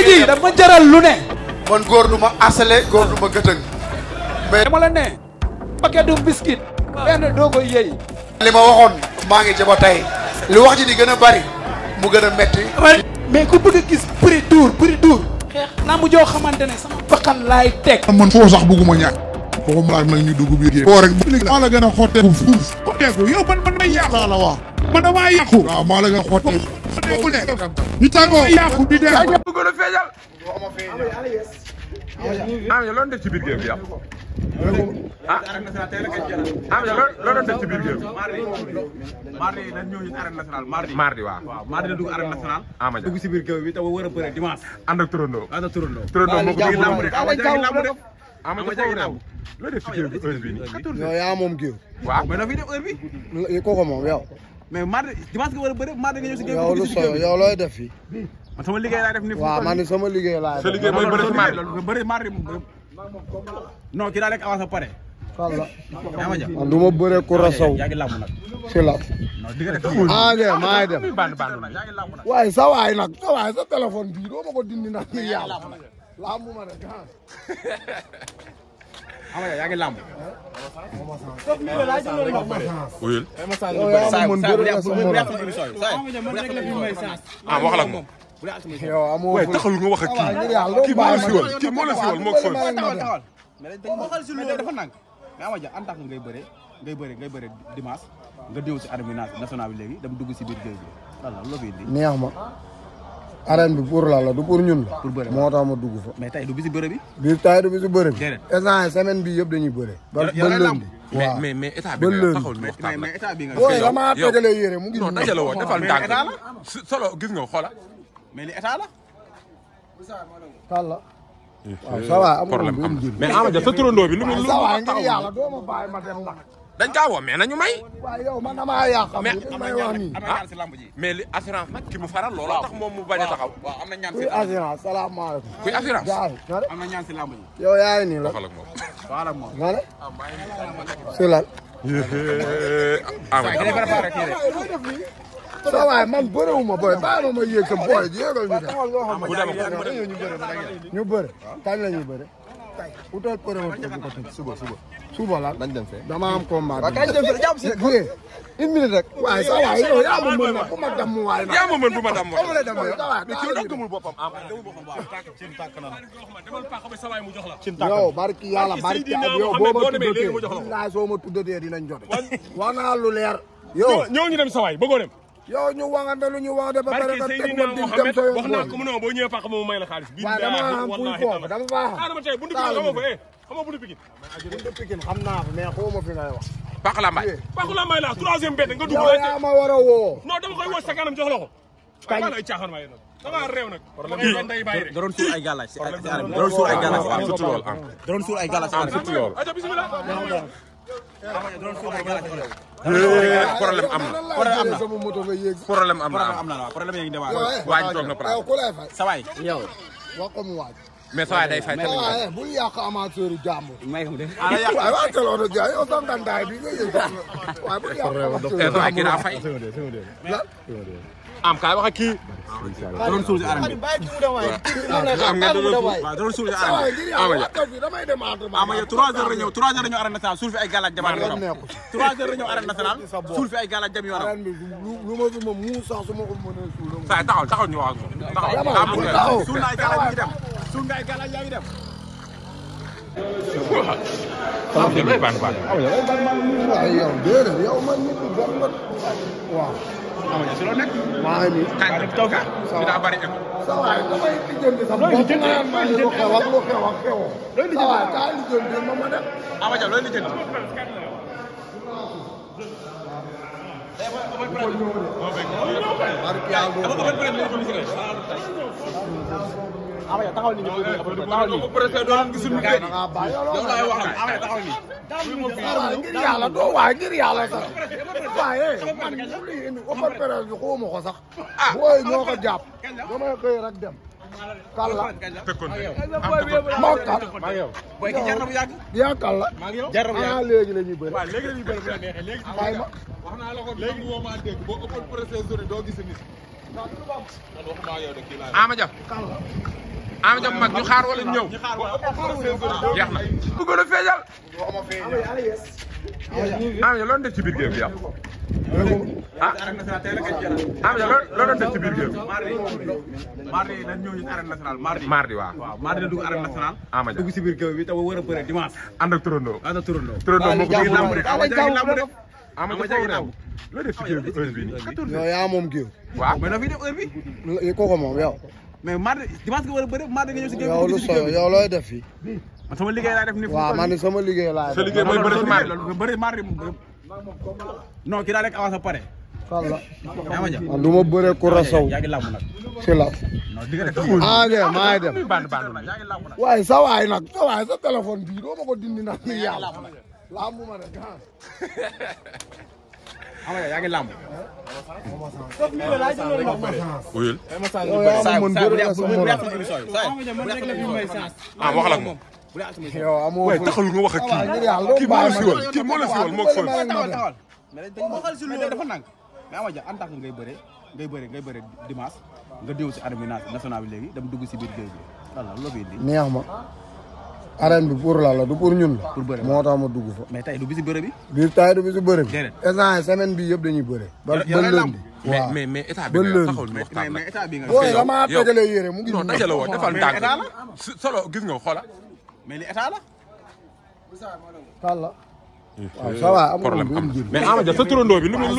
lamb ji dama jaral lu ne. man góor du ma asale góor du ma gëtëng. mais dama la ne. paquet du biscuit. benn doo ko yëy. li ma waxoon maa ngi jaba tey. li wax ji di gën a bari mu gën a metti. mais ku bëgg a gis prix dur prix dur. xeex lamb joo xamante ne sama bakkan laay teg. man foo sax bëgguma ñàkk. boo ko nag ñu dugg biir koo rek maa la gën a xotteeku fuuf xotteeku yow man man may yàqu la waaw man damaa yàqu waaw maa la gën a xotteeku tàngoo fu nekk ñu dee bu gën a feeñal am ya loon def ci biir géew ya ah. loo doon def ci biir géew bi mardi dañ ñëw ñu arène nationale mardi mardi waaw mardi la dugg arène nationale ama dugg ci biir géew bi te war a bëre dimanche ànd ak turandoo ànd ak moo ko biir lamb de lamb de bi heure bi nii yow yaa moom géew na fi def heure bi kooku moom yow mais mardi dimanche nga war a bëri mardi nga ñëw si géej sama liggéey laay sa liggéey mooy bëri si mardi bëri mardi non kii daa lekk avance ba nag sa sa téléphone bii doo ma ko dindi nag xam nga yaa ngi làmb. wuyul. saa bu ah waxal ak moom. yow amoo waaye taxalu nga wax ak kii kii moo la siwal kii moo la siwal moo ko foofu. mais dafa nang mais Ama Dia en tant que ngay bëree ngay bëree ngay bëree dimanche nga déw si arène nationale bi léegi dem dugg si biir géej gi. voilà loolu la neex ma. arène bi pour la la du pour ñun la. moo tax ma dugg fa. mais tey du bisu bëre bi. bi tey du bisu bëre bi. instant semaine bi yëpp dañuy bëre. ba lënd waaw mais mais état bi nga taxawul mais mais état bi nga. yow damaa tegalee yére mu ngi. non dajale la. talla. Eh, mais Ama Dia sa turandoo bi lu mu lu mu. waaw ma bàyyi ma dañ ka wo mais nañu may wa yow man dama may wani mais assurance nak ki mu faral lolo tax mom mu baña taxaw wa amna ñaan ci assurance salam alaykum assurance amna ñaan ci lamb ji yow yaay ni la falak mom falak mom man boy boy ñu dem ñu utal promoteur bu ko tëj suba suba. suba la dañ dem fee dama am combat. waaw kañ dem fee jàpp si rek bu une minute rek. waaye sa waay yow yaa ma mën bu ma damm waay ma. yaa ma mën bu ma damm waay ma damm waay. mais kii dëggumul boppam ah. cin tàkk na la. cin tàkk na yow barki yàlla barki ak yow boo ma tuddatee. soo ma tuddatee dinañ jote. wax naa lu leer. yow ñoo ñu dem sa waay bëggoo dem. yow ñu waxante lu ñu wax de ba pare. dem sa yoon wax naa ko mu ne ma boo ñëwee pàq moom may la xaalis. waaw dama am puy foofu dama baax. ah dama tey eh, buntu pikin xamoo ko eh xamoo buntu pikin. buntu pikin xam naa ko mais xaw ma fi ngay wax. pàq la may. pàq eh. la may la troisième bête nga dugg. yow yaa ma war a woo. non dama koy woo sa kanam jox la ko. kañ waaw ay caaxaan waaye nag. da ngaa réew nag. kii da doon suul ay gàllaaj si àll bi da doon suul ay gàllaaj si àll surtout lool ah. da doon suul ay gàllaaj si àll surtout lool. problème am na. problème am na problème am na am na waaw problème yaa ngi dem waay. waaj toog nga pare. sa waay yow. mais saa day fay tamit waaye bul yàq amateur jàmbur. may ko de waaye waa Thiel jaay yow tam dandaay bi nga yëg waaye bul yàq amateur jàmbur am kaay wax ak kii. doon suul si aram bi am nga doon suul si aram bi ama ya trois heures la ñëw trois heures la ñëw arène nationale suul fi ay galaaj jam yoonam trois heures la ñëw arène nationale suul fi ay galaaj jam yoonam lu ma fi moom mu sax su ma ko mënee suul saa taxaw taxaw ñu wax ak moom taxaw suul na ay galaaj ñu dem Sungai Galang yaa ngi dem. waaw. am na looy baan baan. am na looy baan baan yow déedéet yow man nit ku bon man waaw. am na si loo nekk. maa ngi nii. kaay def toogaa. ça va bari écho. ça va damay lijjanti sa bopp. looy lijjanti looy lijjanti lu xew ak lu xew ak xewoo. looy lijjanti waaw kaay lijjanti ma ma dem. Amathia looy lijjanti. Barke yàlla. Amady taxawal ni ñu ko taxawal ni. waaw ngir yàlla doo waaye ngir yàlla sax waaye man lii indi offre période bi xawma ko sax. booy ñoo ko jàpp damay xëy rek dem. Kalla. tëkkoon maa Kalla. yaa Kalla. ah léegi la ñuy bëri. waaw léegi la ñuy bëri bu la neexee léegi. waaye ma wax naa la ko léegi woo maa dégg boo ëppoon presse zone doo gis nit. Ama Dia Ama mag ñu xaar wala ñu ñëw jeex na bëggoon a def ci biir géew bi loo doon ci biir géew bi bi heure bi yaa moom géew waaw mais bi. kooku moom yow. mais mardi dimanche nga war a bëri mardi lu sooy yow looy def fii. man sama liggéey laay def nii. waaw man sama liggéey laay def. sa liggéey mooy ba pare. man du ma bëree ku rasaw. si la. ah ok maa ngi dem. waaye sa waay nag sa waay sa téléphone bii doo ma ko dindi xam nga yaa ngi làmb. foofu mii la laaj la loolu moom. wuyul. saa yu saa yu bu dee bu dee atum émission yi. ah waxal ak moom. yow amoo waaye taxul nga wax ak kii kii moo la siiwal kii moo la siiwal moo ko fooy. mais dafa nang mais ama ja en tant que ngay bëre ngay bëre ngay bëre dimanche nga déw si arène nationale bi léegi dem dugg si biir géej bi. voilà loolu la neex ma. arène bi pour la la du pour ñun la. pour bëre moo tax ma dugg fa. mais tey du bisu bëre bi. bi tey du bisu bëre bi. déedéet instant bi yëpp dañuy bëre. ba ba lënd. mais état bi nga taxawul ñu waxtaan état bi nga. yow yow yow dajale yére mu solo gis nga xoola. mais li état la. Talla. Eh, waaw ça va amul problème mais Ama Dia sa turandoo bi. lu mu lu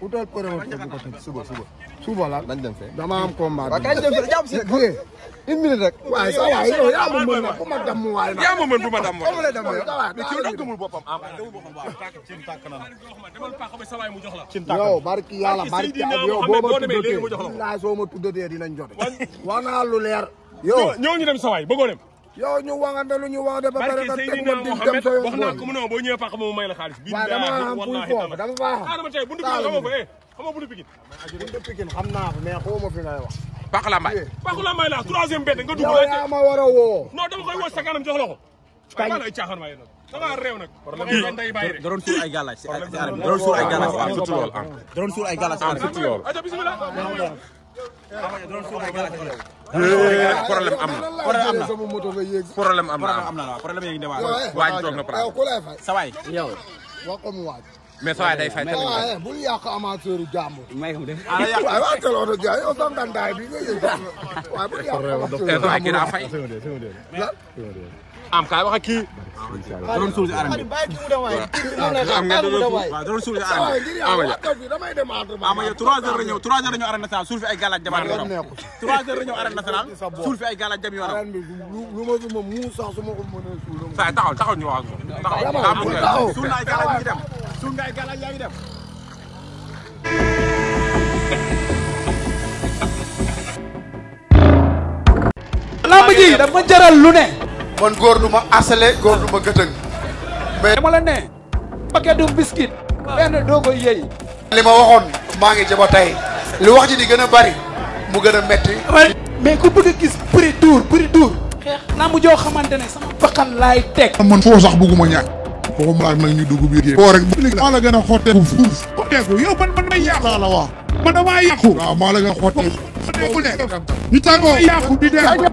utal promoteur bu ko tëj suba suba. suba la dañ dem fee dama am combat. waaw kañ dem fee jàpp si rek. une minute rek. waaye saa waay yow yaa ma mën nag ku ma damm waay ma. yaa ma mën bu ma damm waay ma damm waay. mais kii nag gëmul boppam la. cin tàkk na yow barki yàlla barki ak yow boo ma tuddatee. bilaay soo ma tuddatee leer. yow ñoo ñu dem sa yow ñu waxante lu ñu waxante ba pare nga teg ma dig dem sa yoon wax naa ko mu ne ma boo ñëwee pàq moom may la xaalis bi waaw dama am puy foofu dama baax dama tey buntu pikin xamoo ko eh xamoo buntu pikin buntu pikin xam naa ko mais xawma fi ngay wax pàq la mbay eh. pàq la mbay la troisième bête nga dugg la yaa ma war a woo non dama koy woo sa kanam jox la ko kañ lay caaxaan waaye nag da ngaa réew nag da doon suur ay galaas si arène da doon suur ay galaas si arène surtout loolu da doon suur ay galaas si arène surtout loolu problème am na. problème am na waaj toog na pare sa waay. yow wax comme waaj. mais sa waay day fay tamit. waaye eh, bul yàq amateur jàmbur. may waaye ah, waaye teeloo doon jaay yow waaye bul yàq amateur jàmbur waaye am kay waxa ki doon suul ci aram am nga doon waaw doon suul ci aram amaya damay dem amaya 3 heures ñew 3 heures ñew aram national suul fi ay galaaj jabar yoram 3 heures ñew aram national suul fi ay galaaj jam yoram lu ma fi mom mu sax suma ko mëna suul sa taxaw taxaw ñu wax taxaw suul na ay galaaj ñu dem suul nga ay galaaj yaa ngi dem lamb ji dafa jaral lu ne man góor du ma asale góor du ma gëtëng. mais dama la ne. paquet du biscuit. benn doo koy yëy. li ma waxoon maa ngi jaba tey li wax ji di gën a bari mu gën a metti mais ku bëgg a gis prix tour prix tour xeex naa mu joo xamante ne sama bakkan laay teg man foo sax bugguma ñàkk waxuma laaj nag ñu dugg biir koo rek maa la gën a xottee fuuf xotteeku yow man man may yàqu laa la wax man damaa yàqu waaw maa la gën a xottee ñu tàggoo yàqu di dem